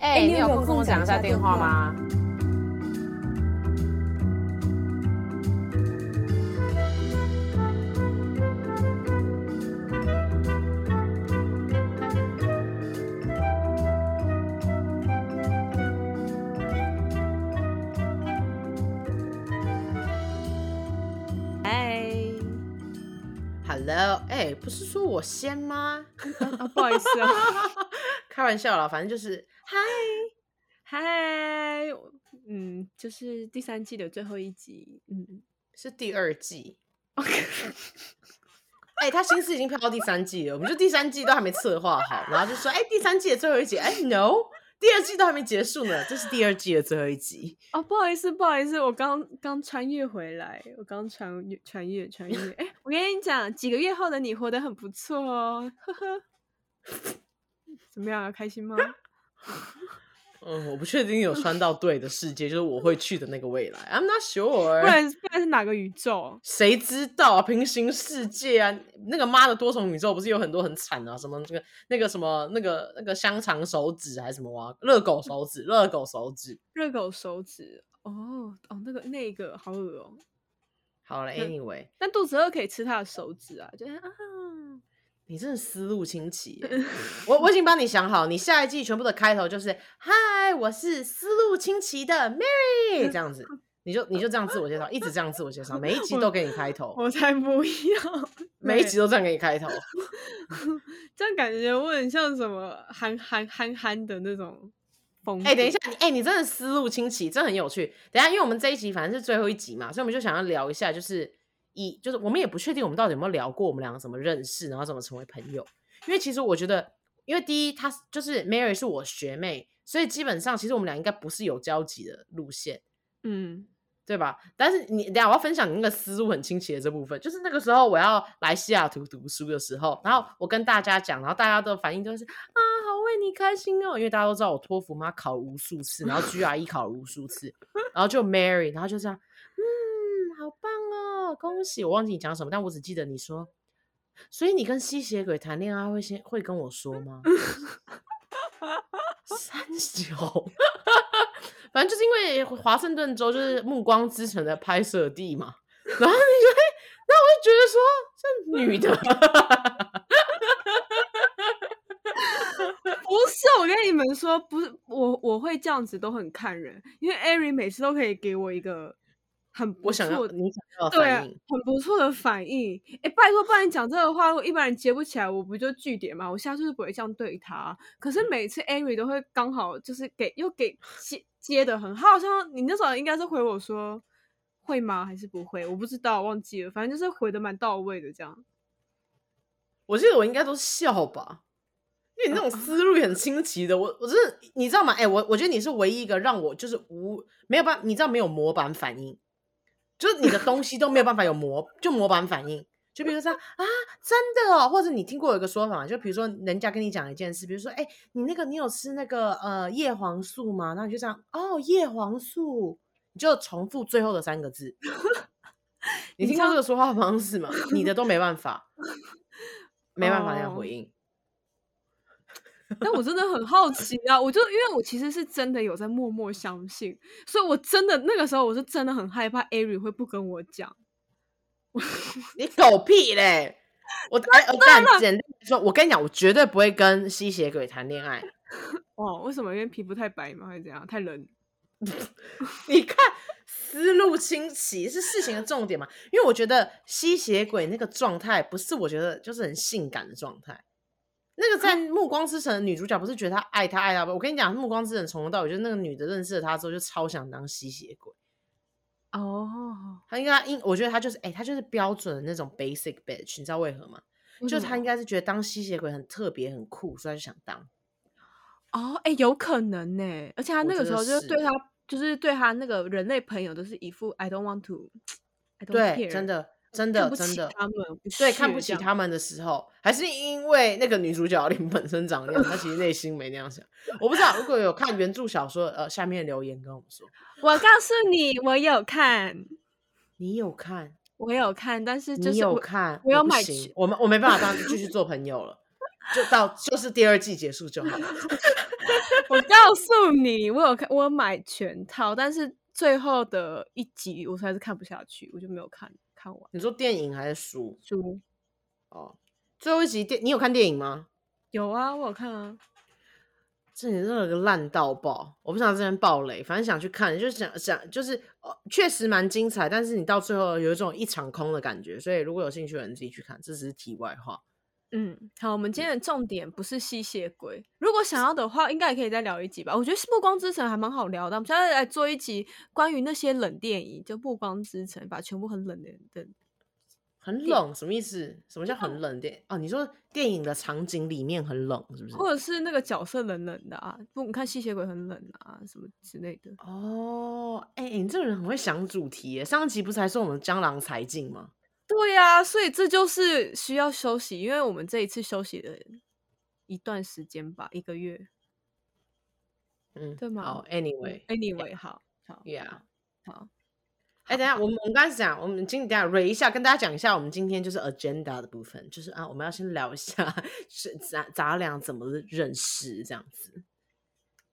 哎、欸欸，你有空跟我講一下電話嗎？哎、欸 Hey，Hello，哎、欸，不是說我先嗎？ 啊啊、不好意思啊。 開玩笑了，反正就是嗨嗨，hi, hi, 嗯，就是第三季的最後一集，嗯，是第二季。OK、欸。哎，他心思已經飄到第三季了， 我們就第三季都還沒策劃好，然後就說哎、欸，第三季的最後一集，哎、欸、，no， 第二季都還沒結束呢，這、就是第二季的最後一集哦，不好意思，不好意思，我剛剛穿越回來，我剛穿越穿越穿越，哎、欸，我跟你講，幾個月後的你活得很不錯哦，呵呵。怎麼樣？開心嗎？ 嗯，我不確定有穿到對的世界， 就是我會去的那個未來。I'm not sure。不然，現在是哪個宇宙？誰知道啊？平行世界啊？那個媽的多重宇宙不是有很多很慘啊？什麼這個那個那個什麼那個那個香腸手指還是什麼啊？熱狗手指，熱狗手指，熱狗手指。哦哦，那個那個好惡哦。好了，喔，anyway，那肚子餓可以吃他的手指啊，就是啊。你真的思路清奇， 我我已經幫你想好，你下一季全部的開頭就是“嗨，我是思路清奇的 Mary”，這樣子，你就你就這樣自我介紹， 一直這樣自我介紹，每一集都給你開頭。我，我才不要，每一集都這樣給你開頭， 這樣感覺我很像什麼憨憨憨憨的那種風景。哎、欸，等一下，哎、欸，你真的思路清奇，這很有趣。等一下，因為我們這一集反正是最後一集嘛，所以我們就想要聊一下，就是。一就是我們也不確定我們到底有沒有聊過，我們兩個怎麼認識，然後怎麼成為朋友。因為其實我覺得，因為第一，她就是 Mary 是我學妹，所以基本上其實我們倆應該不是有交集的路線，嗯，對吧？但是你倆我要分享你那個思路很清奇的這部分，就是那個時候我要來西雅圖讀書的時候，然後我跟大家講，然後大家的反應都是啊，好為你開心哦，因為大家都知道我托福嘛考無數次，然後 GRE 考無數次， 然後就 Mary，然後就這樣。好棒哦，恭喜！我忘記你講什麼，但我只記得你說，所以你跟吸血鬼談戀愛會先會跟我說嗎？ 三哈九， 反正就是因為華盛頓州就是《暮光之城》的拍攝地嘛， 然後你就，然那我就覺得說，像女的， 不是，我跟你們說，不是，我我會這樣子都很看人，因為艾瑞每次都可以給我一個。很不錯的，我想要，你想要對啊，很不錯的反應。哎，拜託，不然你講這個話，我一般人接不起來，我不就句點嘛？我下次就是不會這樣對他。可是每次 Ari 都會剛好就是給又給接接的很好。他好像你那時候應該是回我說，會嗎？還是不會？我不知道，忘記了。反正就是回的蠻到位的這樣。我記得我應該都笑吧，因為你那種思路也很清奇的。啊啊我我、就是你知道嗎？哎，我我覺得你是唯一一個讓我就是無沒有辦法，你知道沒有模板反應。就是你的東西都沒有辦法有模， 就模板反應。就比如說啊，真的哦，或者你聽過有一個說法，就比如說人家跟你講一件事，比如說哎、欸，你那個你有吃那個呃葉黃素嗎？那你就這樣哦，葉黃素，你就重複最後的三個字。 你聽過這個說話方式嗎？ 你的都沒辦法， 沒辦法那樣回應。Oh. 但我真的很好奇啊！我就因為我其實是真的有在默默相信，所以我真的那個時候我是真的很害怕艾瑞會不跟我講。 你狗屁嘞！我再、 啊、簡說，我跟你講，我絕對不會跟吸血鬼談戀愛。哦，為什麼？因為皮膚太白嗎？還是怎樣？太冷？ 你看，思路清奇是事情的重點嘛？因為我覺得吸血鬼那個狀態，不是我覺得就是很性感的狀態。那個在《暮光之城》的女主角不是覺得她愛她，愛她不？我跟你講，《暮光之城》從頭到尾，就是那個女的認識了他之後就超想當吸血鬼。哦、oh.，她應該因我覺得她就是哎，她、欸、就是標準的那種 basic bitch，你知道為何嗎？嗯、就她應該是覺得當吸血鬼很特別很酷，所以就想當。哦，哎，有可能呢、欸。而且她那個時候就對是對她，就是對她，那個人類朋友都是一副 I don't want to，I don't care。對，真的。真的，真的，他們對看不起他們的時候，還是因為那個女主角，林本身長靚，她其實內心沒那樣想。 我不知道，如果有看原著小說，呃，下面留言跟我們說。我告訴你，我有看，你有看，我有看，但是就是我，有看我要買我們我沒辦法，當繼續做朋友了， 就到就是第二季結束就好了。 我告訴你，我有看，我買全套，但是最後的一集我實在是看不下去，我就沒有看。看完。你說電影還是書？書。哦，最後一集電，你有看電影嗎？有啊，我有看啊。這裡真的有個爛到爆，我不想這邊爆雷，反正想去看，就想想就是，哦，確實蠻精彩，但是你到最後有一種一場空的感覺。所以如果有興趣的人自己去看，這只是題外話。嗯，好，我們今天的重點不是吸血鬼。嗯、如果想要的話，應該也可以再聊一集吧。我覺得是《暮光之城》還蠻好聊的。我們現在來做一集關於那些冷電影，就《暮光之城》，把全部很冷的，冷的。很冷什麼意思？什麼叫很冷的？哦、啊，你說電影的場景裡面很冷，是不是？或者是那個角色冷冷的啊？不，你看吸血鬼很冷啊，什麼之類的。哦，哎、欸，你這個人很會想主題耶。上一集不是還說我們江郎才盡嗎？對啊，所以這就是需要休息，因為我們這一次休息了一段時間吧，一個月。嗯，對嗎？Anyway，Anyway，、oh, anyway, 好好，Yeah，好。哎、欸欸，等下，我們我們剛才講，我們今天等下 r 瑞一下，跟大家講一下，我們今天就是 agenda 的部分，就是啊，我們要先聊一下是咱咱倆怎麼認識這樣子。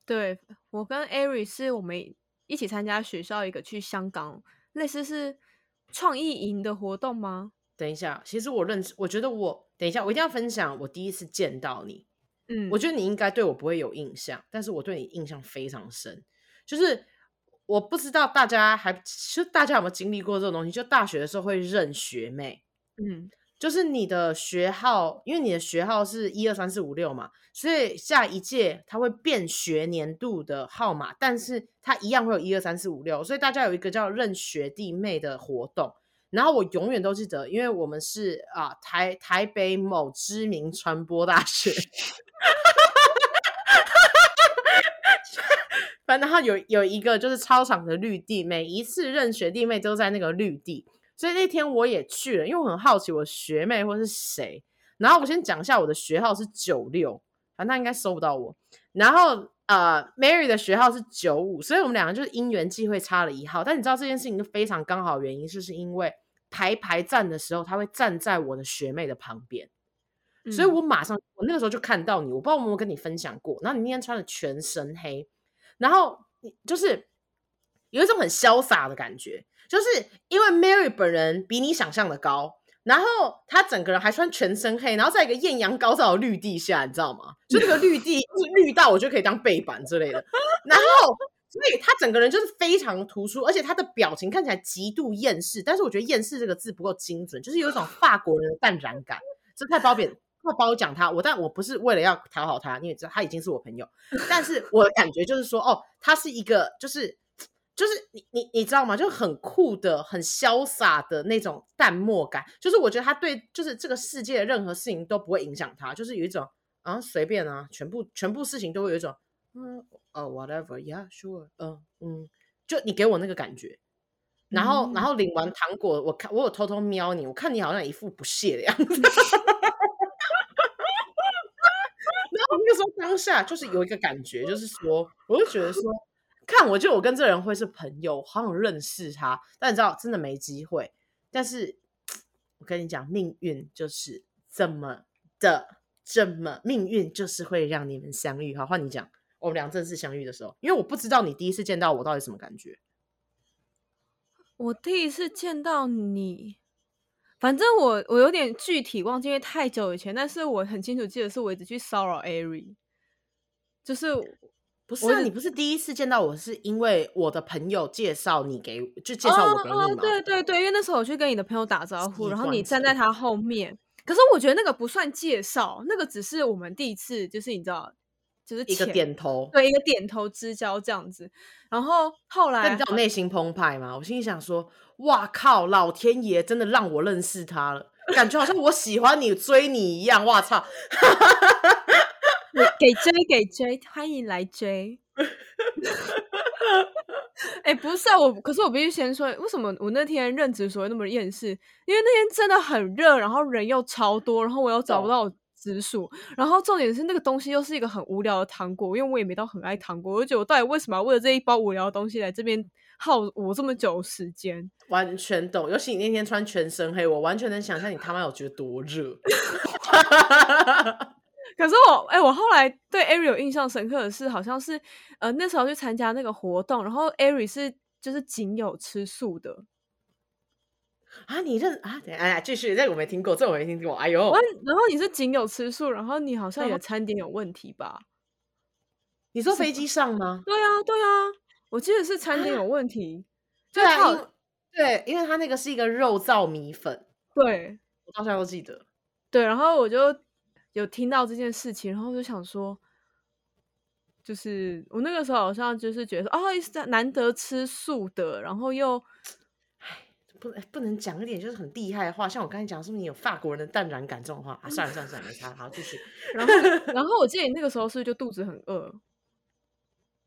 對我跟 Ari 是我們一起參加學校一個去香港，類似是。創意營的活動嗎？等一下，其實我認識，我覺得我，等一下，我一定要分享我第一次見到你。嗯，我覺得你應該對我不會有印象，但是我對你印象非常深。就是我不知道大家還，其實大家有沒有經歷過這種東西？就大學的時候會認學妹。嗯。就是你的學號，因為你的學號是一二三四五六嘛，所以下一屆它會變學年度的號碼，但是它一樣會有一二三四五六，所以大家有一個叫認學弟妹的活動。然後我永遠都記得，因為我們是啊、呃、台台北某知名傳播大學，反 正 然後有有一個就是操場的綠地，每一次認學弟妹都在那個綠地。所以那天我也去了，因為我很好奇我學妹會是誰。然後我先講一下我的學號是九六，反正她應該搜不到我。然後呃，Mary 的學號是九五，所以我們兩個就是因緣際會差了一號。但你知道這件事情非常剛好，原因就是，是因為排排站的時候，他會站在我的學妹的旁邊，嗯，所以我馬上我那個時候就看到你。我不知道有沒有跟你分享過，然後你那天穿的全身黑，然後就是有一種很瀟灑的感覺。就是因為 Mary 本人比你想象的高，然後她整個人還穿全身黑，然後在一個豔陽高照的綠地下，你知道嗎？所以那個綠地一綠到，我就可以當背板之類的。然後，所以她整個人就是非常突出，而且她的表情看起來極度厭世。但是我覺得“厭世”這個字不夠精準，就是有一種法國人的淡然感，這太褒貶，要褒獎他。我，但我不是為了要討好他，因為這他已經是我朋友。但是我的感覺就是說，哦，他是一個，就是。就是你你你知道嗎？就很酷的，很瀟灑的那種淡漠感，就是我覺得他對，就是這個世界的任何事情都不會影響他。就是有一種啊，隨便啊，全部全部事情都會有一種嗯呃、uh, uh,，whatever yeah sure，嗯嗯，就你給我那個感覺。然後、嗯、然後領完糖果，我看我有偷偷瞄你，我看你好像一副不屑的樣子。 然後那個時候當下就是有一個感覺，就是說，我就覺得說。看，我覺得我跟這人會是朋友，好想認識他。但你知道，真的沒機會。但是，我跟你講，命運就是這麼的，這麼命運就是會讓你們相遇。好，換你講，我們倆正式相遇的時候，因為我不知道你第一次見到我到底什麼感覺。我第一次見到你，反正我我有點具體忘記，因為太久以前。但是我很清楚記得，是我一直去騷擾 Ari，就是。不是、啊、你不是第一次見到我，是因為我的朋友介紹你給，就介紹我給你嘛。對對對，因為那時候我去跟你的朋友打招呼，然後你站在他後面。可是我覺得那個不算介紹，那個只是我們第一次，就是你知道，就是一個點頭，對，一個點頭之交這樣子。然後後來你知道我內心澎湃嗎？我心裡想說，哇靠，老天爺真的讓我認識他了，感覺好像我喜歡你 追你一樣，哇操。哈哈哈哈 給追給追，歡迎來追。哎 、欸，不是啊，我可是我必須先說，為什麼我那天認直屬的時候那麼厭世？因為那天真的很熱，然後人又超多，然後我又找不到直屬，然後重點是那個東西又是一個很無聊的糖果，因為我也沒到很愛糖果，我就覺得我到底為什麼要為了這一包無聊的東西來這邊耗我這麼久的時間？完全懂，尤其你那天穿全身黑，我完全能想象你他媽有覺得多熱。 可是我哎、欸，我後來對艾瑞有印象深刻的是，好像是呃那時候去參加那個活動，然後艾瑞是就是僅有吃素的啊。你認啊？等哎呀，繼續這個我沒聽過，這個我沒聽過。哎呦，然後你是僅有吃素，然後你好像有餐點有問題吧？你說飛機上嗎？對啊，對啊，我記得是餐點有問題。對啊，對，因為他那個是一個肉燥米粉，對我到現在都記得。對，然後我就。有聽到這件事情，然後就想說，就是我那個時候好像就是覺得哦意是在難得吃素的，然後又，唉，不，不能講一點就是很厲害的話，像我剛才講，是不是你有法國人的淡然感這種話？啊，算了算了算了， 沒差，好，繼續，就是。然後， 然後我記得你那個時候是不是就肚子很餓？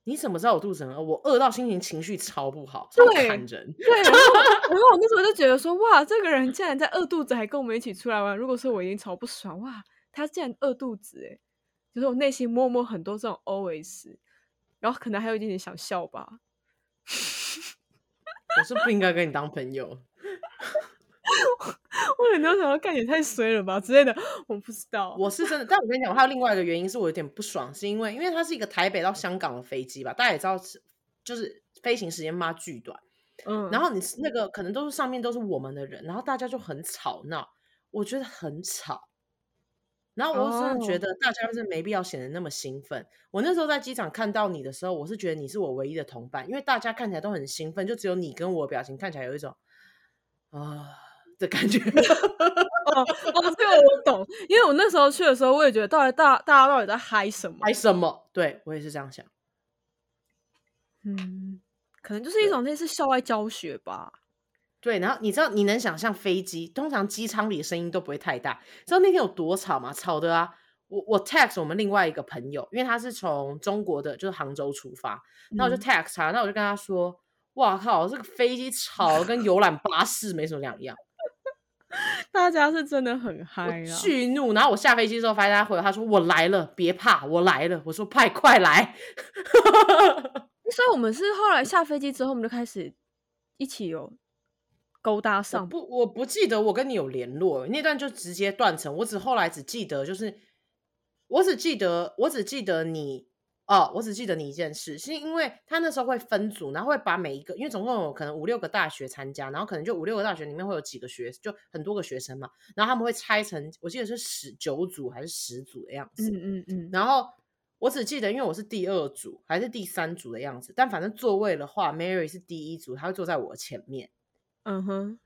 你怎麼知道我肚子很餓？我餓到心情情緒超不好，對，對，然後，然後我那時候就覺得說， 哇，這個人竟然在餓肚子，還跟我們一起出來玩。如果說我已經超不爽，哇！他竟然餓肚子誒、欸、就是我內心默默很多這種 OS，然後可能還有一點點想笑吧。 我是不應該跟你當朋友。 我，我很多時候看也太衰了吧之類的，我不知道。我是真的，但我跟你講，我還有另外一個原因，是我有點不爽，是因為因為它是一個台北到香港的飛機吧，大家也知道是就是飛行時間嘛，巨短，嗯，然後你是那個可能都是上面都是我們的人，然後大家就很吵鬧，我覺得很吵。然後我是真的覺得大家不是沒必要顯得那麼興奮。Oh. 我那時候在機場看到你的時候，我是覺得你是我唯一的同伴，因為大家看起來都很興奮，就只有你跟我表情看起來有一種啊、呃、的感覺。哦，這個我懂，因為我那時候去的時候，我也覺得到底大家大家到底在嗨什麼？嗨什麼？對，我也是這樣想。嗯，可能就是一種類似校外教學吧。對，然後你知道你能想象飛機通常機艙裡的聲音都不會太大，知道那天有多吵嗎？吵的啊！我我 text 我們另外一個朋友，因為他是從中國的就是杭州出發，那我就 text 他、啊，那、嗯、我就跟他說：“哇靠，這個飛機吵，跟遊覽巴士沒什麼兩樣。 ”大家是真的很嗨啊！巨怒，然後我下飛機之後發現他回來，他說：“我來了，別怕，我來了。”我說：“派快來！” 所以我們是後來下飛機之後，我們就開始一起遊。勾搭上不，我不記得我跟你有聯絡，那段就直接斷層。我只後來只記得，就是我只記得，我只記得你哦，我只記得你一件事，是因為他那時候會分組，然後會把每一個，因為總共有可能五六個大學參加，然後可能就五六個大學裡面會有幾個學，就很多個學生嘛，然後他們會拆成，我記得是十九組還是十組的樣子，嗯嗯嗯。然後我只記得，因為我是第二組還是第三組的樣子，但反正座位的話，Mary 是第一組，他會坐在我的前面。嗯哼，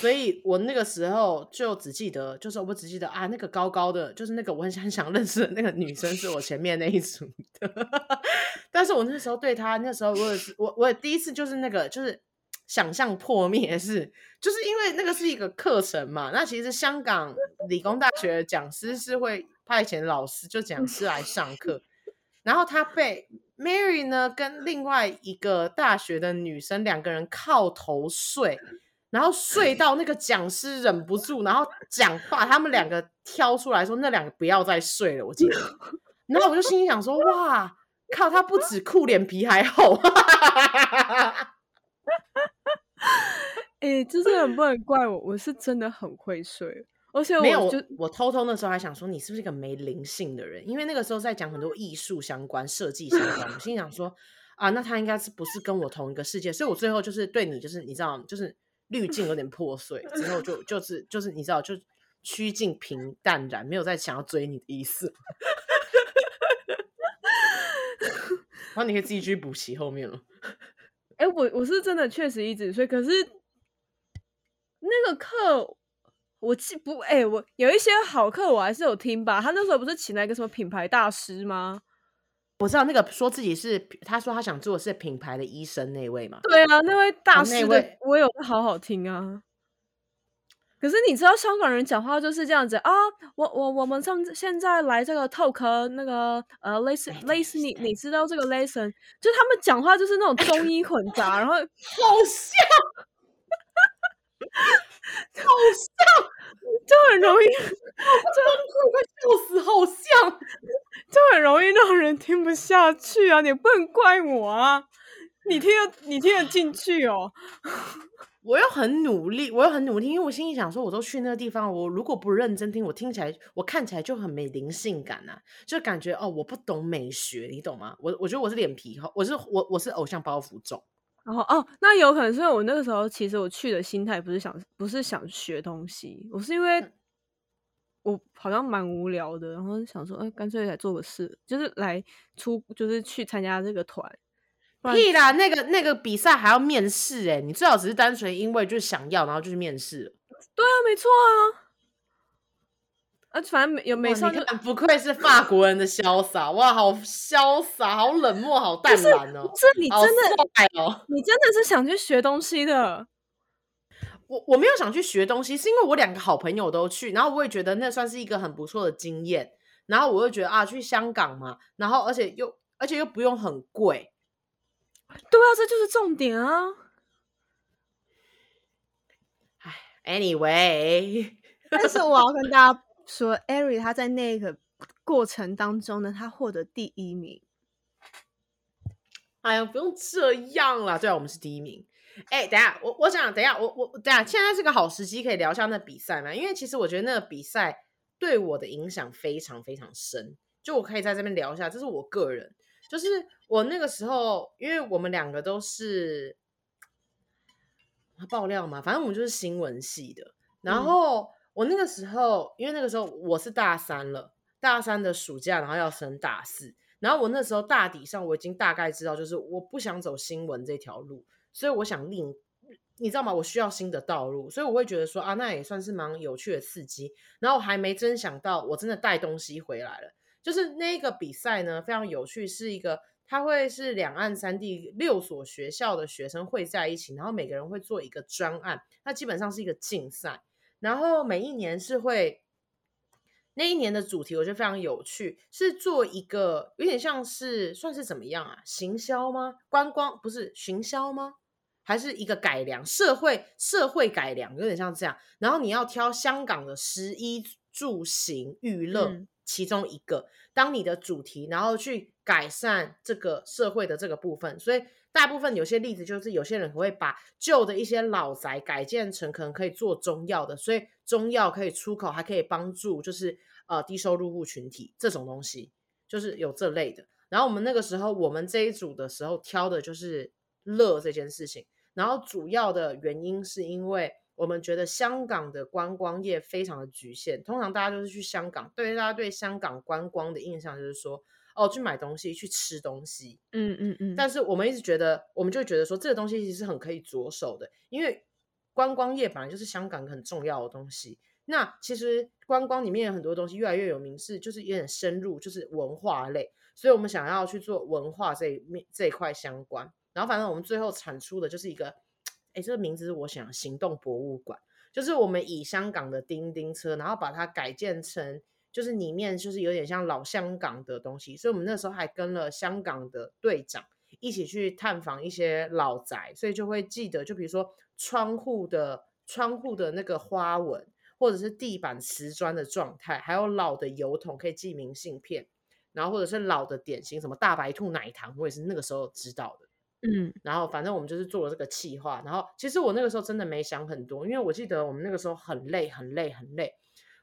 所以我那個時候就只記得，就是我只記得啊，那個高高的，就是那個我很很想，想認識的那個女生，是我前面那一組的。 但是我那時候對她，那時候我也是，我我也第一次就是那個就是想象破滅是，是就是因為那個是一個課程嘛。那其實香港理工大學講師是會派遣老師就講師來上課， 然後他被，Mary 呢，跟另外一個大學的女生兩個人靠頭睡，然後睡到那個講師忍不住，然後講話，他們兩個挑出來說那兩個不要再睡了。我記得， 然後我就心裡想說， 哇，靠，他不止酷，臉皮還厚，哎、 欸，就是很不能怪我，我是真的很會睡。Okay, 沒有，我就我偷偷那時候還想說，你是不是一個沒靈性的人？因為那個時候在講很多藝術相關、設計相關，我心裡想說，啊，那他應該是不是跟我同一個世界？所以我最後就是對你，就是你知道，就是濾鏡有點破碎，之後就就是就是你知道，就趨近平淡然，沒有再想要追你的意思。 然後你可以自己去補齊後面了。哎、欸，我我是真的確實一直睡，可是那個課。我記不哎、欸，我有一些好課我還是有聽吧。他那時候不是請了一個什麽品牌大師嗎？我知道那個說自己是，他說他想做的是品牌的醫生那位嘛。對啊，那位大師的、啊、我有好好聽啊。可是你知道香港人講話就是這樣子啊？我我我們上次現在來這個 talk 那個呃 lesson 你你知道這個 lesson，就他們講話就是那種中英混雜，哎、然後好笑。 好像就很容易，真的快笑死！好笑，就很容易讓人聽不下去啊！你不能怪我啊！你聽得你聽得進去哦？ 我又很努力，我又很努力，因為我心裡想說，我都去那個地方，我如果不認真聽，我聽起來，我看起來就很沒靈性感啊，就感覺哦，我不懂美學，你懂嗎？我我覺得我是臉皮厚，我是我我是偶像包袱重。然後哦，那有可能是因為我那個時候，其實我去的心態不是想，不是想學東西，我是因為我好像蠻無聊的，然後想說，哎，乾脆來做個事，就是來出，就是去參加這個團。屁啦，那個那個比賽還要面試誒，你最好只是單純因為就想要，然後就去面試了。對啊，沒錯啊。啊，反正沒有沒上。不愧是法國人的瀟灑 哇，好瀟灑，好冷漠，好淡然哦。這你真的、哦，你真的是想去學東西的。我我沒有想去學東西，是因為我兩個好朋友都去，然後我也覺得那算是一個很不錯的經驗。然後我又覺得啊，去香港嘛，然後而且又而且又不用很貴。對啊，這就是重點啊。哎，Anyway，但是我要跟大家。 說，Ari 他在那個過程當中呢，他獲得第一名。哎呀，不用這樣啦，對啊，我們是第一名。哎、欸，等下，我我想，等下，我我等下，現在是個好時機，可以聊一下那比賽嘛？因為其實我覺得那個比賽對我的影響非常非常深，就我可以在這邊聊一下，這是我個人，就是我那個時候，因為我們兩個都是爆料嘛，反正我們就是新聞系的，然後。嗯我那個時候，因為那個時候我是大三了，大三的暑假，然後要升大四，然後我那時候大抵上我已經大概知道，就是我不想走新聞這條路，所以我想另，你知道嗎？我需要新的道路，所以我會覺得說啊，那也算是蠻有趣的刺激。然後還沒真想到，我真的帶東西回來了，就是那個比賽呢非常有趣，是一個它會是兩岸三地六所學校的學生會在一起，然後每個人會做一個專案，那基本上是一個競賽。然後每一年是會那一年的主題，我覺得非常有趣，是做一個有點像是算是怎麼樣啊？行銷嗎？觀光不是行銷嗎？還是一個改良社會，社會改良有點像這樣。然後你要挑香港的食衣住行娛樂、嗯、其中一個當你的主題，然後去改善這個社會的這個部分。所以。大部分有些例子就是有些人會把舊的一些老宅改建成可能可以做中藥的，所以中藥可以出口，還可以幫助就是呃低收入戶群體這種東西，就是有這類的。然後我們那個時候，我們這一組的時候挑的就是樂這件事情。然後主要的原因是因為我們覺得香港的觀光業非常的局限，通常大家就是去香港，對於大家對香港觀光的印象就是說。哦，去買東西，去吃東西，嗯嗯嗯。但是我們一直覺得，我們就覺得說這個東西其實是很可以着手的，因為觀光業本來就是香港很重要的東西。那其實觀光裡面有很多東西越來越有名字，是就是有點深入，就是文化類。所以我們想要去做文化這一面這一塊相關。然後反正我們最後產出的就是一個，哎、欸，這個名字是我想行動博物館，就是我們以香港的叮叮車，然後把它改建成。就是裡面就是有點像老香港的東西，所以我們那時候還跟了香港的隊長一起去探訪一些老宅，所以就會記得，就比如說窗戶的窗戶的那個花紋，或者是地板瓷磚的狀態，還有老的油桶可以寄明信片，然後或者是老的點心什麼大白兔奶糖，我也是那個時候知道的。嗯，然後反正我們就是做了這個企劃，然後其實我那個時候真的沒想很多，因為我記得我們那個時候很累，很累，很累。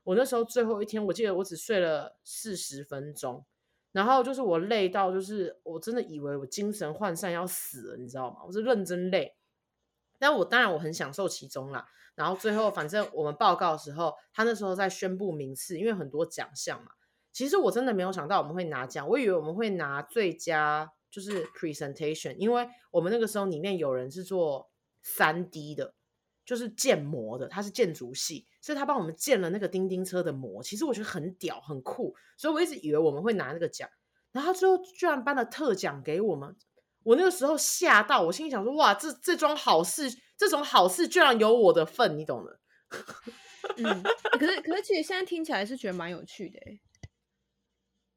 我那時候最後一天，我記得我只睡了四十分鐘，然後就是我累到，就是我真的以為我精神渙散要死了，你知道嗎？我是認真累，但我當然我很享受其中啦。然後最後反正我們報告的時候，他那時候在宣布名次，因為很多獎項嘛。其實我真的沒有想到我們會拿獎，我以為我們會拿最佳就是 presentation，因為我們那個時候裡面有人是做三 D 的。就是建模的，他是建築系，所以他幫我們建了那個釘釘車的模。其實我覺得很屌，很酷，所以我一直以為我們會拿那個獎，然後最後居然頒了特獎給我們。我那個時候嚇到，我心裡想說：哇，這這樁好事，這種好事居然有我的份，你懂的。 嗯，可是可是其實現在聽起來是覺得蠻有趣的，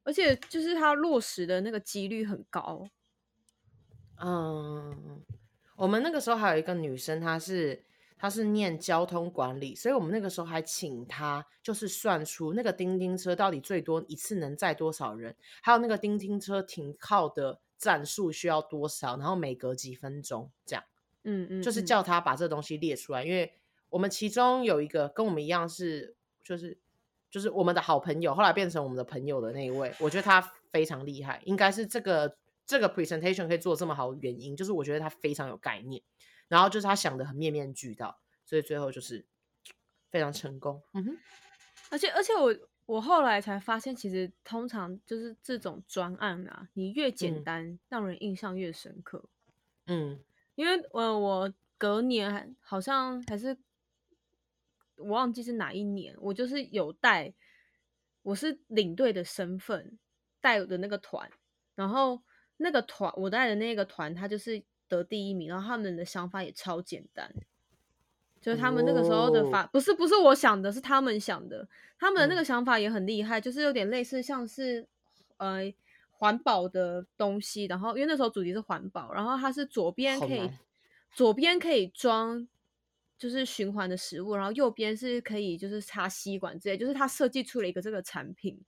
而且就是他落實的那個幾率很高。嗯，我們那個時候還有一個女生，她是。他是念交通管理，所以我們那個時候還請他，就是算出那個叮叮車到底最多一次能載多少人，還有那個叮叮車停靠的站數需要多少，然後每隔幾分鐘這樣，嗯，嗯嗯，就是叫他把這東西列出來，因為我們其中有一個跟我們一樣是，就是就是我們的好朋友，後來變成我們的朋友的那一位，我覺得他非常厲害，應該是這個這個 presentation 可以做這麼好的原因，就是我覺得他非常有概念。然後就是他想的很面面俱到，所以最後就是非常成功。嗯哼，而且而且我我後來才發現，其實通常就是這種專案啊，你越簡單，嗯、讓人印象越深刻。嗯，因為呃，我隔年好像還是我忘記是哪一年，我就是有帶，我是領隊的身份帶的那個團，然後那個團我帶的那個團，他就是。得第一名，然後他們的想法也超簡單，就是他們那個時候的法、oh. 不是不是我想的，是他們想的。他們的那個想法也很厲害，oh. 就是有點類似像是呃環保的東西。然後因為那時候主題是環保，然後它是左邊可以、oh. 左邊可以裝就是循環的食物，然後右邊是可以就是插吸管之類，就是他設計出了一個這個產品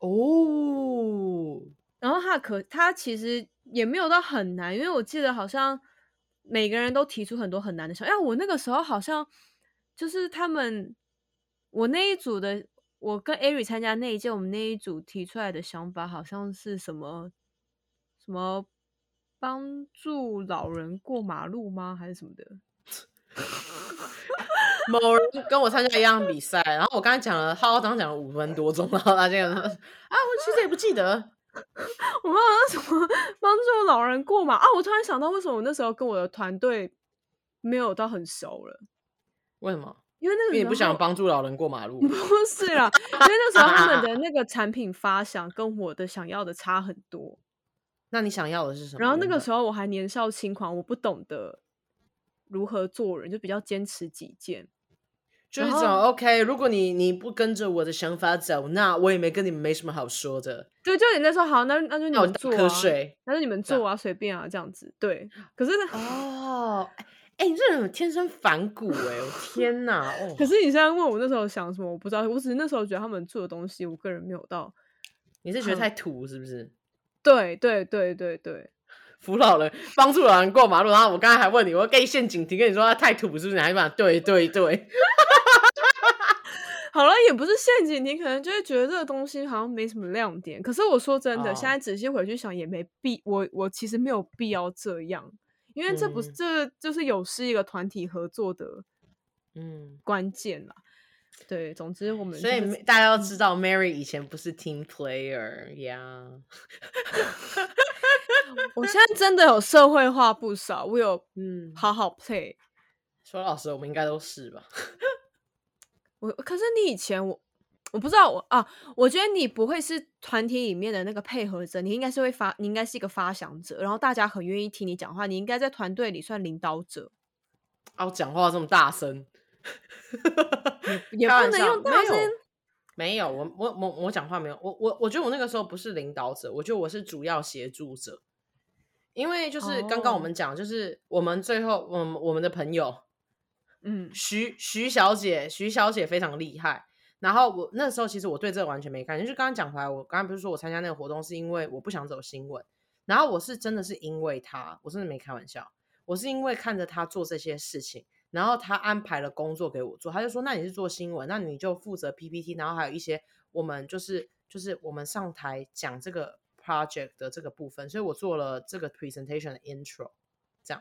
哦。Oh. 然後他可他其實。也沒有到很難，因為我記得好像每個人都提出很多很難的想法。哎，我那個時候好像就是他們，我那一組的，我跟艾瑞參加那一屆，我們那一組提出來的想法好像是什麼什麼幫助老人過馬路嗎，還是什麼的？某人跟我參加一樣的比賽， 然後我剛才講了，浩浩剛剛講了五分多鐘，然後他就了啊，我其實也不記得。 我不知道為什麼幫助老人過馬路啊？我突然想到，為什麼我那時候跟我的團隊沒有到很熟了？為什麼？因為那個時候因為你不想幫助老人過馬路？ 不是啦， 因為那時候他們的那個產品發想跟我的想要的差很多。那你想要的是什麼？然後那個時候我還年少輕狂，我不懂得如何做人，就比較堅持己見。就是講 OK，如果你你不跟着我的想法走，那我也沒跟你們沒什麼好說的。對，就你在說好，那那就你們做、啊。啊、瞌睡，那就你們做啊，隨、啊、便啊，這樣子。對，可是哦，哎、欸，你這人天生反骨哎、欸！ 我天哪！哦，可是你現在問我那時候想什麼，我不知道。我只是那時候覺得他們做的東西，我個人沒有到。你是覺得太土、嗯、是不是？對對對對對，扶老人幫助老人過馬路，然後我剛才還問你，我一線警惕跟你說他、啊、太土是不是？你還講對對對。對對 好了，也不是陷阱，你可能就會覺得這個東西好像沒什麼亮點。可是我說真的，oh。現在仔細回去想，也沒必，我我其實沒有必要這樣，因為這不是、嗯、這就是有是一個團體合作的，嗯，關鍵啦。對，總之我們所以大家要知道，Mary 以前不是 team player 呀、yeah. 。 我現在真的有社會化不少，我有嗯，好好 play。說老實，我們應該都是吧。 可是你以前我我不知道我啊，我覺得你不會是團體裡面的那個配合者，你應該是會發，你應該是一個發想者，然後大家很願意聽你講話，你應該在團隊裡算領導者。啊、哦，講話這麼大聲， 你也不能用大聲，沒有，沒有我我我我講話沒有，我我我覺得我那個時候不是領導者，我覺得我是主要協助者，因為就是剛剛我們講、哦，就是我們最後，我們我們的朋友。嗯，徐徐小姐，徐小姐非常厲害。然後我那時候其實我對這個完全沒概念，就剛剛講回來，我剛剛不是說我參加那個活動是因為我不想走新聞，然後我是真的是因為她，我真的沒開玩笑，我是因為看着她做這些事情，然後她安排了工作給我做，她就說那你是做新聞，那你就負責 PPT，然後還有一些我們就是就是我們上台講這個 project 的這個部分，所以我做了這個 presentation 的 intro，這樣。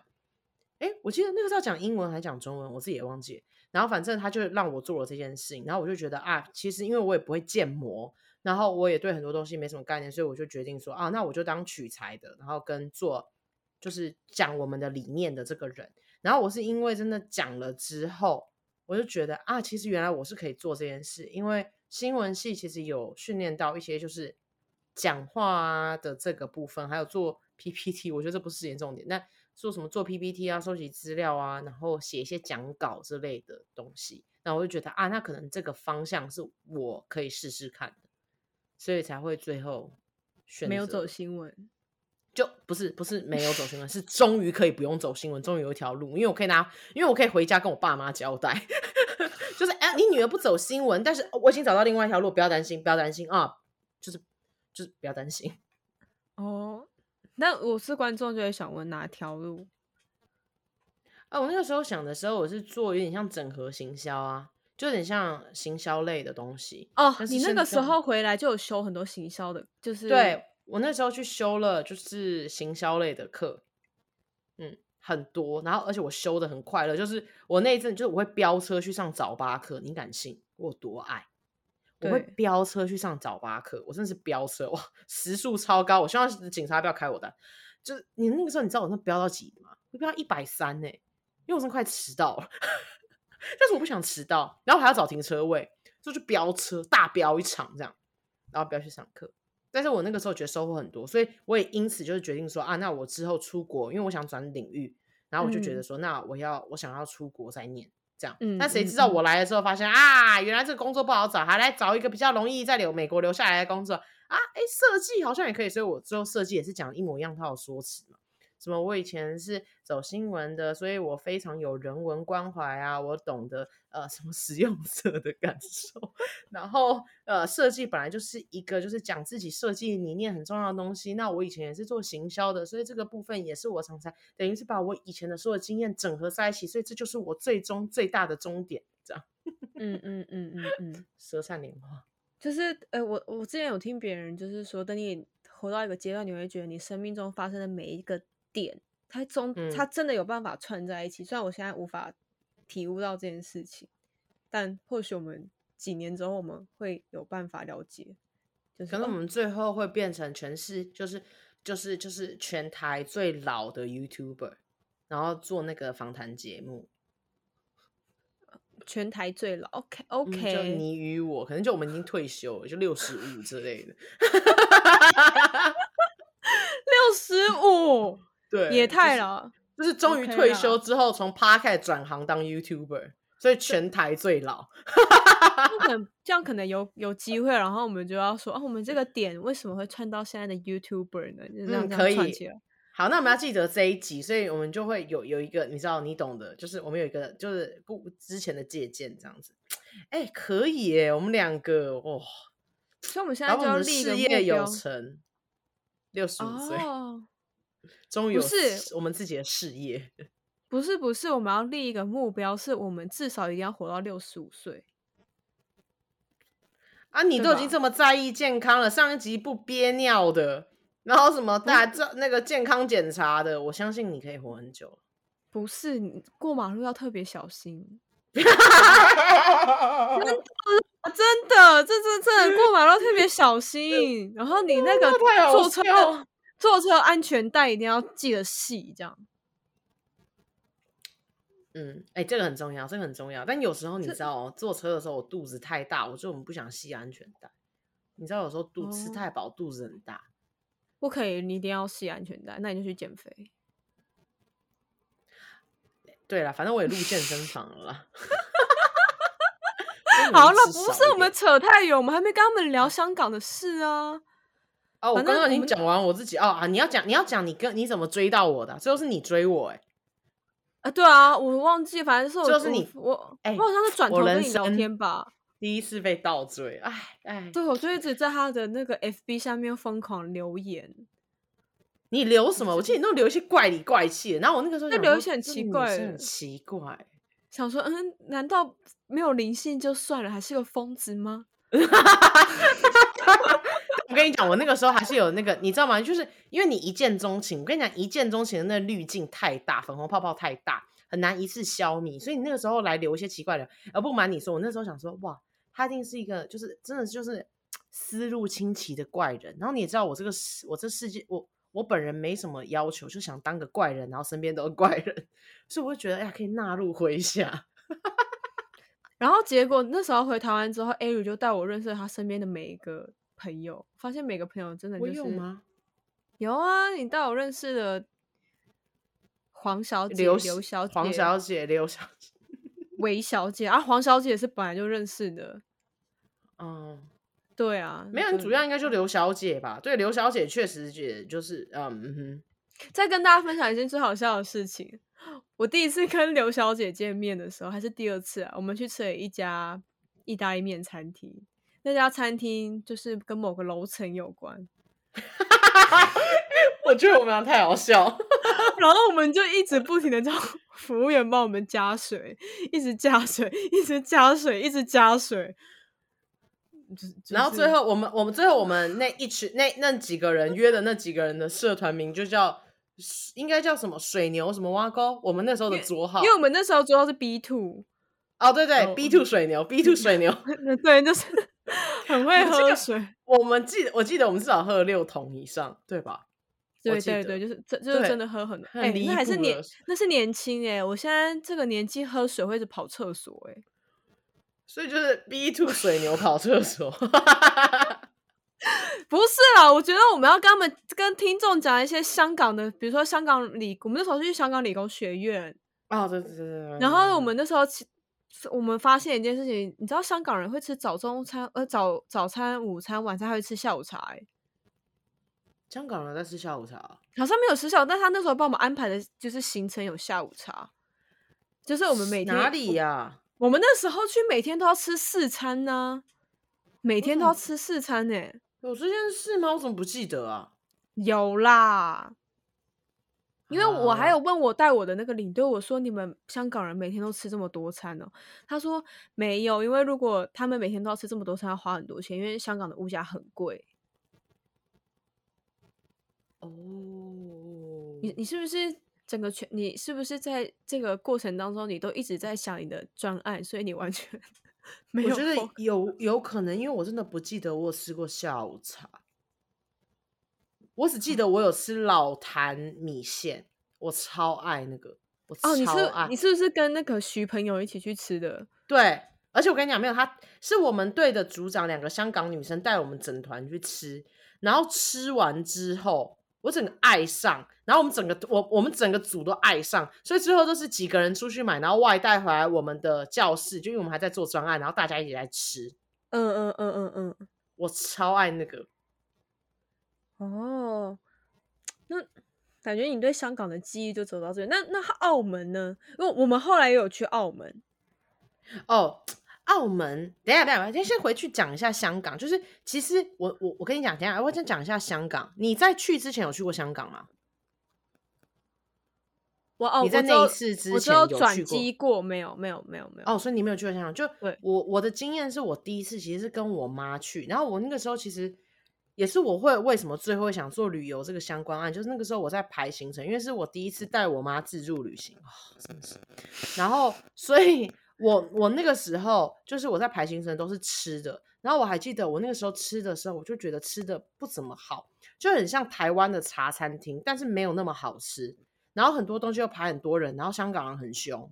哎，我記得那個時候講英文還講中文，我自己也忘記。然後反正他就讓我做了這件事情，然後我就覺得啊，其實因為我也不會建模，然後我也對很多東西沒什麼概念，所以我就決定說啊，那我就當取材的。然後跟做就是講我們的理念的這個人。然後我是因為真的講了之後，我就覺得啊，其實原來我是可以做這件事，因為新聞系其實有訓練到一些就是講話啊的這個部分，還有做 PPT，我覺得這不是嚴重點。那做什麼？做 PPT 啊，收集資料啊，然後寫一些講稿之類的東西。然後我就覺得啊，那可能這個方向是我可以試試看的，所以才會最後選擇沒有走新聞，就不是不是，沒有走新聞， 是終於可以不用走新聞，終於有一條路，因為我可以拿，因為我可以回家跟我爸媽交代， 就是哎、欸，你女兒不走新聞，但是我已經找到另外一條路，不要擔心，不要擔心啊，就是就是不要擔心哦。Oh. 那我是觀眾就會想問哪條路？啊、哦，我那個時候想的時候，我是做有點像整合行銷啊，就有點像行銷類的東西哦。你那個時候回來就有修很多行銷的，就是對，我那時候去修了就是行銷類的課，嗯，很多，然後而且我修的很快樂，就是我那一陣就是我會飆車去上早八課，你敢信？我有多愛。我會飆車去上早八課，我真的是飆車哇，時速超高。我希望警察不要開我的，就是你那個時候你知道我那飆到幾嗎？會飆到一百三欸，因為我真的快遲到了，但 是我不想遲到，然後還要找停車位，所以就飆車大飆一場這樣，然後飆去上課。但是我那個時候覺得收穫很多，所以我也因此就是決定說啊，那我之後出國，因為我想轉領域，然後我就覺得說，嗯、那我要我想要出國再唸。這樣，但、嗯、誰知道我來了之後發現、嗯、啊，原來這個工作不好找，還來找一個比較容易在留美國留下來的工作啊，哎、欸，設計好像也可以，所以我最後設計也是講一模一樣套的說辭嘛。什麼？我以前是走新聞的，所以我非常有人文關懷啊，我懂得呃什麼使用者的感受。然後呃，設計本來就是一個就是講自己設計理念很重要的東西。那我以前也是做行銷的，所以這個部分也是我常常等於是把我以前的所有經驗整合在一起。所以這就是我最終最大的終點，這樣。嗯嗯嗯嗯嗯，舌燦蓮花。就是呃、欸，我我之前有聽別人就是說，等你活到一個階段，你會覺得你生命中發生的每一個。點，它從它真的有辦法串在一起、嗯。雖然我現在無法體悟到這件事情，但或許我們幾年之後，我們會有辦法了解、就是。可能我們最後會變成全是就是就是、就是、就是全台最老的 YouTuber，然後做那個訪談節目。全台最老，OK OK，、嗯、就你與我，可能就我們已經退休了，就六十五之類的，六十五。對也太老，就是終於、就是、退休之後，從 Podcast 轉行當 YouTuber，所以全台最老。可 能這樣，可能有有機會，然後我們就要說、啊，我們這個點為什麼會串到現在的 YouTuber 呢？那、就是嗯、可以。好，那我們要記得這一集，所以我們就會有有一個，你知道，你懂的，就是我們有一個，就是不之前的借鑒這樣子。哎、欸，可以耶我們兩個哇、哦，所以我們現在就要立事業有成65，六十五歲。終於是我們自己的事業，不是不是，不是，我們要立一個目標，是我們至少一定要活到六十五歲。啊，你都已經這麼在意健康了，上一集不憋尿的，然後什麼大那個健康檢查的，我相信你可以活很久。不是，你過馬路要特別小心。 真的啊，真的，真的，這這這過馬路要特別小心。 然後你那個坐車。 坐車安全帶一定要記得繫，這樣。嗯，哎、欸，這個很重要，這個很重要。但有時候你知道，坐車的時候我肚子太大，我就我們不想繫安全帶。你知道有時候肚吃太飽，肚子很大，哦，不可以，你一定要繫安全帶。那你就去減肥。對了，反正我也入健身房了。 好了，不是我們扯太遠，我們還沒跟他們聊香港的事啊。哦、我剛剛已經講完我自己我哦啊！你要講，你要講，你跟你怎麼追到我的？啊？最後是你追我，欸，哎啊！對啊，我忘記，反正是我後就是你我，欸，我好像是轉頭跟你聊天吧。第一次被倒追，哎哎，對，我就一直在他的那個 FB 下面瘋狂留言。你留什麼？我記得你都留一些怪裡怪氣的。然後我那個時候那留一些很奇怪，很奇怪，想說，嗯，難道沒有靈性就算了，還是個瘋子嗎？ 我跟你講，我那個時候還是有那個，你知道嗎？就是因為你一見鍾情。我跟你講，一見鍾情的那濾鏡太大，粉紅泡泡太大，很難一次消弭。所以你那個時候來留一些奇怪的。而不瞞你說，我那時候想說，哇，他一定是一個就是真的就是思路清奇的怪人。然後你也知道，我這個世我這世界，我我本人沒什麼要求，就想當個怪人，然後身邊都是怪人，所以我會覺得，哎，可以納入麾下。 然後結果那時候回台灣之後，Ari 就帶我認識了他身邊的每一個。朋友發現每個朋友真的、就是，我有嗎？有啊，你到我認識的黃小姐、劉劉小姐、黃小姐、劉小姐、韋小姐啊，黃小姐是本來就認識的。嗯，對啊，沒有、啊，主要應該就劉小姐吧。嗯、對，劉小姐確實也就是嗯、嗯哼，再跟大家分享一件最好笑的事情。我第一次跟劉小姐見面的時候，還是第二次啊，我們去吃了一家意大利麵餐廳。那家餐廳就是跟某個樓層有關，我覺得我們倆太好笑， 然後我們就一直不停的叫服務員幫我們加水，一直加水，一直加水，一直加水。加水就是、然後最後我們我們最後我們那一群 那那幾個人約的那幾個人的社團名就叫應該叫什麼水牛什麼蛙溝？我們那時候的桌號因，因為我們那時候桌號是 B two，哦對對 B two 水牛 B two 水牛，就水牛 對就是。很會喝水我、這個，我們記得，我記得我們至少喝了六桶以上，對吧？對對對，對對對，就是真就是真的喝很多。欸、還是年，那是年輕哎、欸，我現在這個年紀喝水會是跑廁所哎、欸，所以就是逼出水牛跑廁所。 不是啦，我覺得我們要跟他們跟聽眾講一些香港的，比如說香港理，我們那時候去香港理工學院啊，對對對，對，對，然後我們那時候我們發現一件事情，你知道香港人會吃早中餐，呃早，早餐、午餐、晚餐，還會吃下午茶、欸。香港人在吃下午茶、啊，好像沒有吃下午，但他那時候幫我們安排的就是行程有下午茶，就是我們每天哪裡呀、啊？我們那時候去每天都要吃四餐呢、啊，每天都要吃四餐誒、欸，有這件事嗎？我怎麼不記得啊？有啦。因為我還有問我帶我的那個領隊，我說你們香港人每天都吃這麼多餐呢、哦？他說沒有，因為如果他們每天都要吃這麼多餐，要花很多錢，因為香港的物價很貴。哦、oh.，你你是不是整個全？你是不是在這個過程當中，你都一直在想你的專案，所以你完全沒有？我覺得有有可能，因為我真的不記得我有吃過下午茶。我只記得我有吃老罈米線、嗯，我超愛那個。我哦，你是你是不是跟那個徐朋友一起去吃的？對，而且我跟你講，沒有，他是我們隊的組長，兩個香港女生帶我們整团去吃。然後吃完之後，我整個愛上，然後我們整個我我們整個組都愛上，所以最後都是幾個人出去買，然後外帶回來我們的教室，就因為我們還在做專案，然後大家一起來吃。嗯嗯嗯嗯嗯，我超愛那個。哦，那感覺你對香港的記憶就走到這裡。那那澳門呢？因為我們後來也有去澳門。哦，澳門，等下，等一下，先先回去講一下香港。就是其實我我我跟你講，等一下，我先講一下香港。你在去之前有去過香港嗎？我澳門、哦、在那一次之前轉機過？沒有，沒有，沒有，沒有。哦，所以你沒有去過香港。就我我的經驗是我第一次其實是跟我媽去，然後我那個時候其實。也是我會為什麼最後想做旅遊這個相關案，就是那個時候我在排行程，因為是我第一次帶我媽自助旅行，哦，真的是。然後，所以我我那個時候就是我在排行程都是吃的，然後我還記得我那個時候吃的時候，我就覺得吃的不怎麼好，就很像台灣的茶餐廳，但是沒有那麼好吃。然後很多東西又排很多人，然後香港人很兇，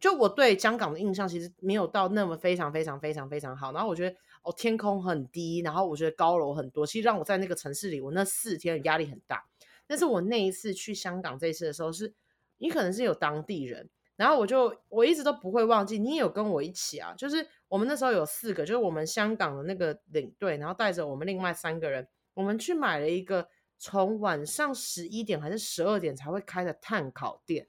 就我對香港的印象其實沒有到那麼非常非常非常非常好。然後我覺得。哦，天空很低，然後我覺得高樓很多。其實讓我在那個城市裡，我那四天的壓力很大。但是我那一次去香港這一次的時候是，是你可能是有當地人，然後我就我一直都不會忘記，你也有跟我一起啊。就是我們那時候有四個，就是我們香港的那個領隊，然後帶着我們另外三個人，我們去買了一個從晚上十一點還是十二點才會開的炭烤店。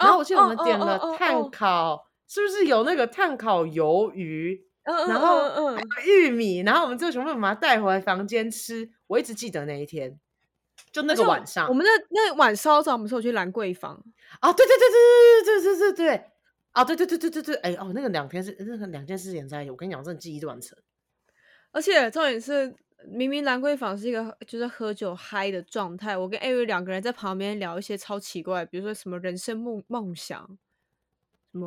然後我記得我們點了炭烤，oh, oh, oh, oh, oh, oh, oh. 是不是有那個炭烤魷魚？嗯， 然後玉米， 然後我們就全部把它帶回房間吃。我一直記得那一天，就那個晚上。我們的那，那晚稍早，我們說去蘭桂坊啊！對對對對對對對對對對對！啊，對對對對對對！哎哦，那個兩天是那個、兩件事連在一起。我跟你講，我真的記憶斷層。而且重點是，明明蘭桂坊是一個就是喝酒嗨的狀態，我跟艾瑞兩個人在旁邊聊一些超奇怪，比如說什麼人生夢夢想。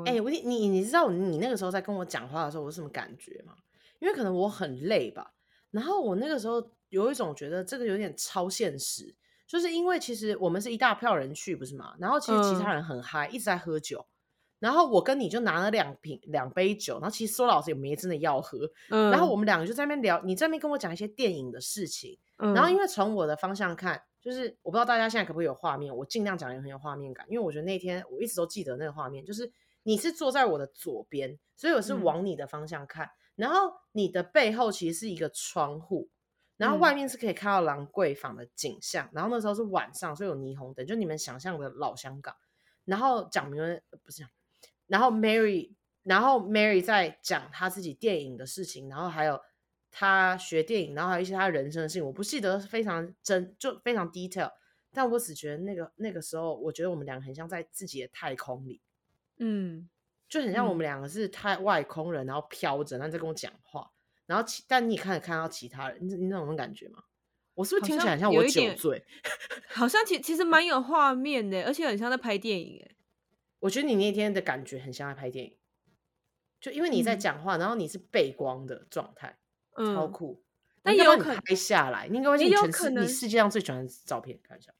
哎，我你你,你知道你那個時候在跟我講話的時候，我是什麼感覺嗎？因為可能我很累吧。然後我那個時候有一種覺得這個有點超現實，就是因為其實我們是一大票人去，不是嗎？然後其實其他人很嗨，一直在喝酒、嗯。然後我跟你就拿了兩瓶兩杯酒，然後其實蘇老師也沒真的要喝。嗯、然後我們兩個就在那邊聊，你在那邊跟我講一些電影的事情、嗯。然後因為從我的方向看，就是我不知道大家現在可不可以有畫面，我尽量講也很有畫面感，因為我覺得那天我一直都記得那個畫面，就是。你是坐在我的左邊，所以我是往你的方向看、嗯。然後你的背後其實是一個窗戶，然後外面是可以看到蘭桂坊的景象、嗯。然後那時候是晚上，所以有霓虹燈，就你們想象的老香港。然後蔣明文不是講，然後 Mary，然後 Mary 在講她自己電影的事情，然後還有她學電影，然後還有一些她人生的事情。我不記得非常真，就非常 detail，但我只覺得那個那個時候，我覺得我們兩個很像在自己的太空裡。嗯，就很像我們兩個是太外空人，嗯、然後飄着，然後在跟我講話，然後其但你也看看到其他人，你你那種感覺嗎？我是不是聽起來很像我酒醉？好像其其實蠻有畫面的，而且很像在拍電影。我覺得你那天的感覺很像在拍電影，就因為你在講話、嗯，然後你是背光的狀態、嗯，超酷。但有可能拍下來，嗯、你拍下來，有可能你應該會是全世、欸、你世界上最喜歡的照片，看一下。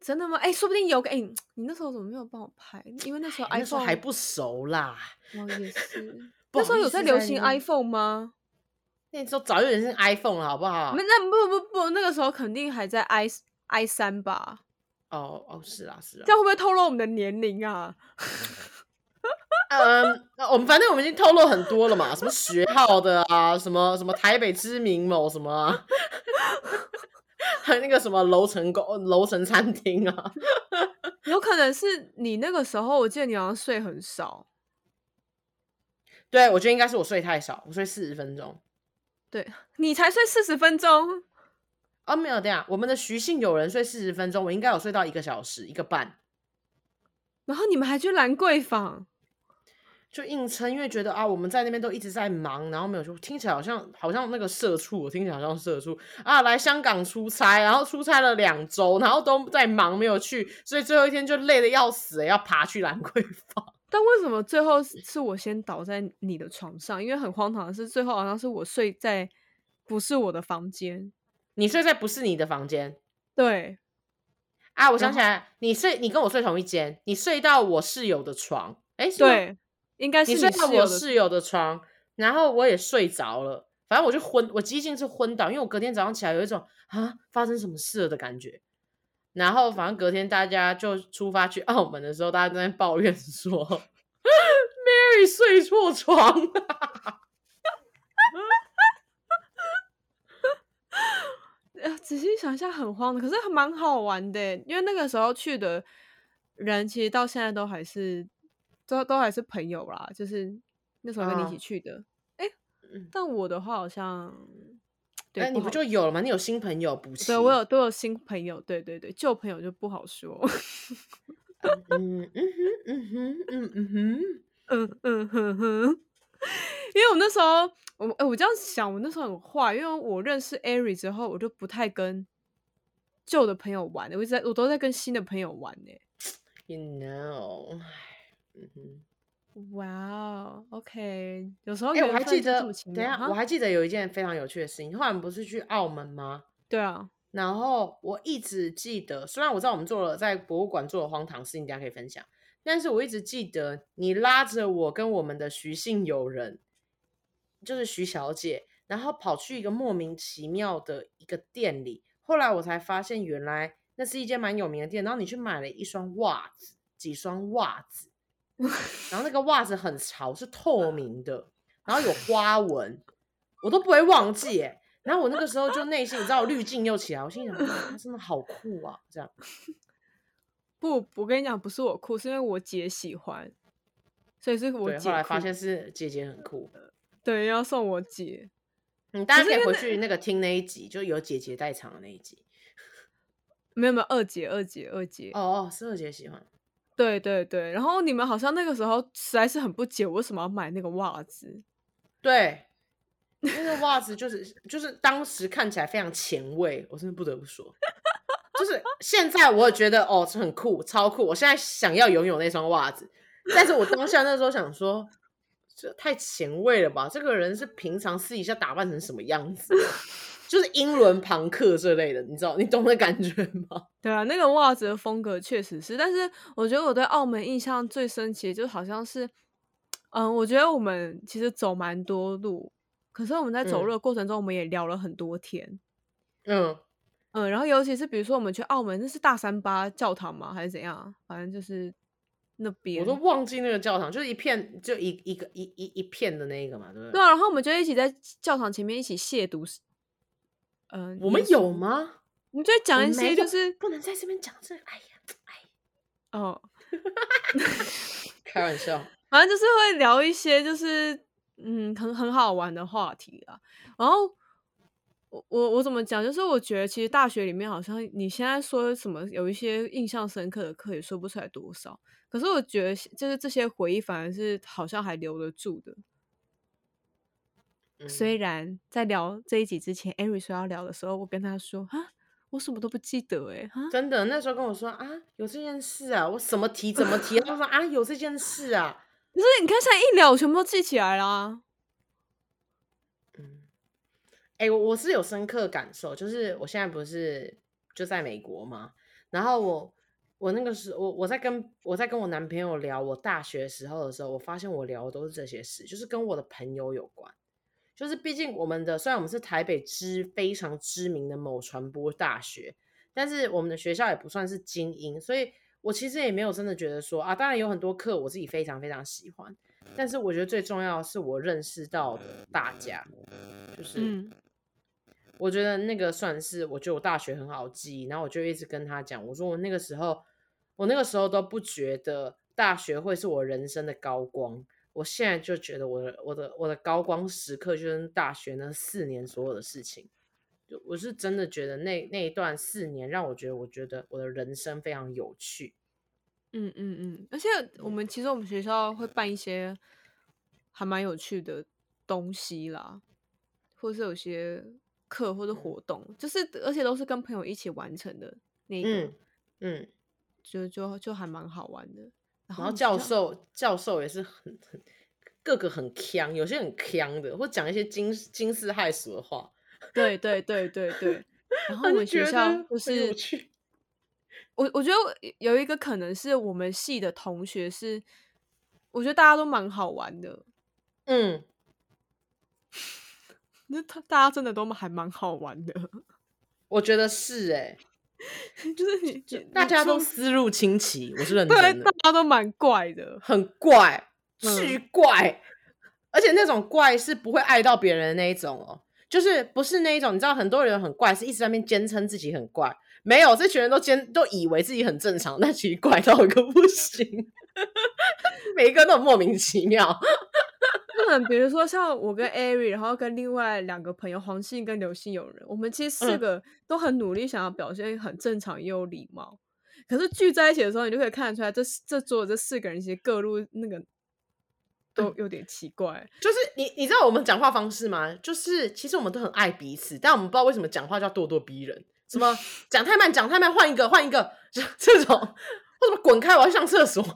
真的嗎？哎、欸，說不定有哎、欸，你那時候怎麼沒有幫我拍？因為那時候 iPhone 時候還不熟啦。我也是， 那時候有在流行 iPhone 嗎？啊、你那時候早有人用 iPhone 了，好不好？那不，不不不，那個時候肯定還在 i i 三吧。哦哦，是啊是啊。這樣會不會透露我們的年齡啊？嗯、 um,，我們反正我們已經透露很多了嘛，什麼學號的啊， 什麼什麼台北知名某什麼、啊。 還 有那個什麼樓層公樓層餐廳啊，有可能是你那個時候，我記得你好像睡很少。對，我覺得應該是我睡太少，我睡四十分鐘。對，你才睡四十分鐘？哦、啊，沒有這樣，我們的徐姓友人睡四十分鐘，我應該有睡到一個小時一個半。然後你們還去蘭桂坊。就硬撐，因為覺得啊，我們在那邊都一直在忙，然後沒有去。就聽起來好像好像那個社畜，我聽起來好像社畜啊，來香港出差，然後出差了兩周，然後都在忙，沒有去，所以最後一天就累得要死，要爬去蘭桂坊。但為什麼最後是我先倒在你的床上？因為很荒唐的是，最後好像是我睡在不是我的房間，你睡在不是你的房間。對，啊，我想起來，你睡，你跟我睡同一間，你睡到我室友的床。哎、欸，對。應該是，你是你在我室友、室友的床，然後我也睡着了。反正我就昏，我幾乎是昏倒，因為我隔天早上起來有一種啊發生什麼事了的感覺。然後反正隔天大家就出發去澳門的時候，大家都在抱怨說 Mary 睡錯床了。哈哈。仔細想一下很慌的，可是還蠻好玩的，因為那個時候去的人其實到現在都還是。都都還是朋友啦，就是那時候跟你一起去的。哎、oh. 欸，但我的話好像……哎、欸，你不就有了嗎？你有新朋友補，所以我都有都有新朋友。對對對，舊朋友就不好說。 mm -hmm, mm -hmm, mm -hmm. 嗯哼嗯哼嗯嗯哼嗯哼哼。因為我那時候，我哎、欸，我這樣想，我那時候很壞，因為我認識艾瑞之後，我就不太跟舊的朋友玩，我一直在我都在跟新的朋友玩呢、欸。You know。嗯哼，哇、wow, 哦，OK，有時候哎，欸、我還記得，等一下我還記得有一件非常有趣的事情。後來不是去澳門嗎？對啊，然後我一直記得，雖然我知道我們做了在博物館做了荒唐事情，大家可以分享，但是我一直記得你拉着我跟我們的徐姓友人，就是徐小姐，然後跑去一個莫名其妙的一個店裡。後來我才發現，原來那是一間蠻有名的店。然後你去買了一雙襪子，幾雙襪子。 然後那個襪子很潮，是透明的，然後有花紋，我都不會忘記、欸。然後我那個時候就內心，你知道，濾鏡又起來，我心裡想，他真的好酷啊，這樣。不，我跟你講，不是我酷，是因為我姐喜歡，所以是我姐。對，後來發現是姐姐很酷的。對，要送我姐。你、嗯、大家可以回去那個聽那一集，就有姐姐在場的那一集。沒有沒有，二姐二姐二姐。哦哦，二姐 oh, oh, 是二姐喜歡。對對對，然後你們好像那個時候實在是很不解，為什麼要買那個襪子？對，那個襪子就是 就是當時看起來非常前衛，我真的不得不說，就是現在我也覺得哦，這很酷，超酷，我現在想要擁有那雙襪子，但是我當下那時候想說，這 太前衛了吧？這個人是平常私底下打扮成什麼樣子？ 就是英倫朋克這類的，你知道，你懂那感覺嗎？對啊，那個襪子的風格確實是，但是我覺得我對澳門印象最深其實就好像是，嗯，我覺得我們其實走蠻多路，可是我們在走路的過程中，我們也聊了很多天。嗯嗯，然後尤其是比如說我們去澳門，那是大三巴教堂嗎？還是怎樣？反正就是那邊，我都忘記那個教堂，就是一片，就一一個一一一片的那一個嘛，對不對？對啊，然後我們就一起在教堂前面一起褻瀆。呃、我們有嗎？我們就在講一些，就是不能在這邊講這。哎呀，哎，哦，開玩笑，反 正、啊、就是會聊一些，就是嗯，很很好玩的話題啦。然後我我我怎麼講？就是我覺得，其實大學裡面好像你現在說什麼，有一些印象深刻的課也說不出來多少。可是我覺得，就是這些回憶反而是好像還留得住的。雖然在聊這一集之前，艾瑞說要聊的時候，我跟他說啊，我什麼都不記得哎、欸，真的，那時候跟我說啊，有這件事啊，我什麼提怎麼提，他 說啊，有這件事啊，你說你剛才一聊，我全部都記起來了、啊。嗯，哎、欸，我我是有深刻感受，就是我現在不是就在美國嘛，然後我我那個時候我我在跟我在跟我男朋友聊我大學時候的時候，我發現我聊的都是這些事，就是跟我的朋友有關。就是畢竟我們的雖然我們是台北知非常知名的某傳播大學，但是我們的學校也不算是精英，所以我其實也沒有真的覺得說啊，當然有很多課我自己非常非常喜歡，但是我覺得最重要是我認識到大家，就是、嗯、我覺得那個算是，我覺得我大學很好記，然後我就一直跟他講，我說我那個時候我那個時候都不覺得大學會是我人生的高光。我現在就覺得我，我的我的我的高光時刻就是大學那四年所有的事情，就我是真的覺得那那一段四年讓我覺得，我覺得我的人生非常有趣。嗯嗯嗯，而且我們其實我們學校會辦一些還蠻有趣的東西啦，或是有些課或者活動，嗯、就是而且都是跟朋友一起完成的那一個，嗯，嗯就就就還蠻好玩的。然後教授、嗯、教，教授也是很很各個很嗆，有些很嗆的，或講一些驚驚世駭俗的話。對對對對對。 然後我們學校不、就是，我我覺得有一個可能是我們系的同學是，我覺得大家都蠻好玩的。嗯。那 他大家真的都還蠻好玩的。我覺得是誒、欸。就是你、大家都思路清奇，我是認真的。大家都蠻怪的，很怪，巨怪、嗯，而且那種怪是不會愛到別人的那一種哦、喔。就是不是那一種，你知道，很多人很怪，是一直在那邊堅稱自己很怪，沒有，這群人都都以為自己很正常，但其實怪到一個不行， 每一個都莫名其妙。不 能、嗯，比如說像我跟 Ari，然後跟另外兩個朋友黃姓跟劉姓友人，我們其實四個都很努力，想要表現很正常又禮貌。可是聚在一起的時候，你就可以看得出來這，這這桌的這四個人其實各路那個都有點奇怪。就是你你知道我們講話方式嗎？就是其實我們都很愛彼此，但我們不知道為什麼講話就要咄咄逼人，什麼 講太慢，講太慢，換一個，換一個，這這種，為什麼滾開，我要上廁所。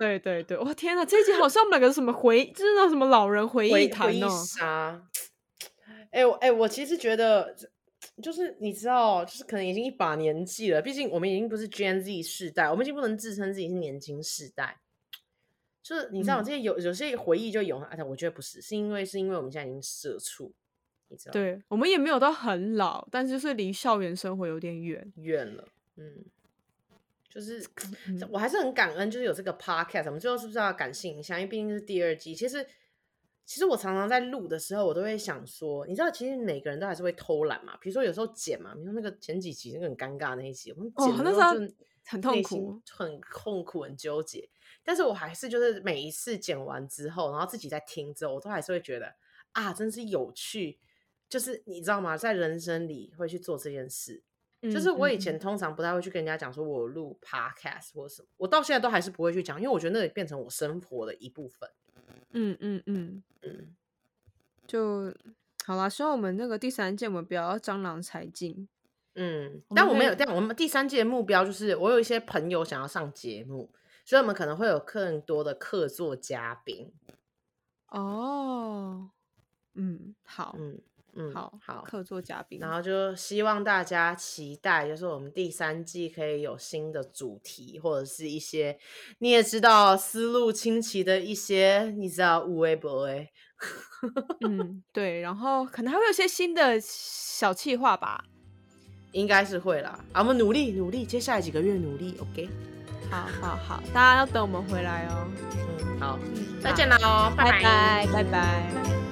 對對對，我天哪，這一集好像我們個什麼回，真 的什麼老人回憶談呢？哎、啊欸，我哎、欸，我其實覺得就是你知道，就是可能已經一把年紀了，畢竟我們已經不是 Gen Z 世代，我們已經不能自稱自己是年輕世代。就是你知道，嗯、這些有有些回憶就永恆啊！我覺得不是，是因為是因為我們現在已經社畜，你知道？對，我們也沒有到很老，但是就是離校園生活有點遠遠了，嗯。就是、嗯、我還是很感恩，就是有這個 podcast，我們最後是不是要感性一下？因為畢竟是第二季。其實，其實我常常在錄的時候，我都會想說，你知道，其實每個人都還是會偷懶嘛。比如說有時候剪嘛，比如說那個前幾集那個很尷尬那一集，我們剪的時候就很痛苦，哦、很痛苦，很糾結。但是我還是就是每一次剪完之後，然後自己在聽之後，我都還是會覺得啊，真是有趣。就是你知道嗎？在人生裡會去做這件事。就是我以前通常不太會去跟人家講，說我錄 podcast 或者什麼，我到現在都還是不會去講，因為我覺得那裡變成我生活的一部分嗯。嗯嗯嗯嗯，就好啦。希望我們那個第三季，我們不要江郎才盡。嗯，但我們有，我們，我們第三季的目標就是，我有一些朋友想要上節目，所以我們可能會有更多的客座嘉賓。哦，嗯，好，嗯。嗯，好好，客座嘉賓，然後就希望大家期待，就是我們第三季可以有新的主題，或者是一些你也知道思路清奇的一些，你知道五微博威， 嗯，對，然後可能還會有一些新的小企劃吧，應該是會啦，啊，我們努力努力，接下來幾個月努力，OK，好好好，大家要等我們回來哦、喔，嗯，好，嗯、再見嘍，拜拜拜拜。拜拜。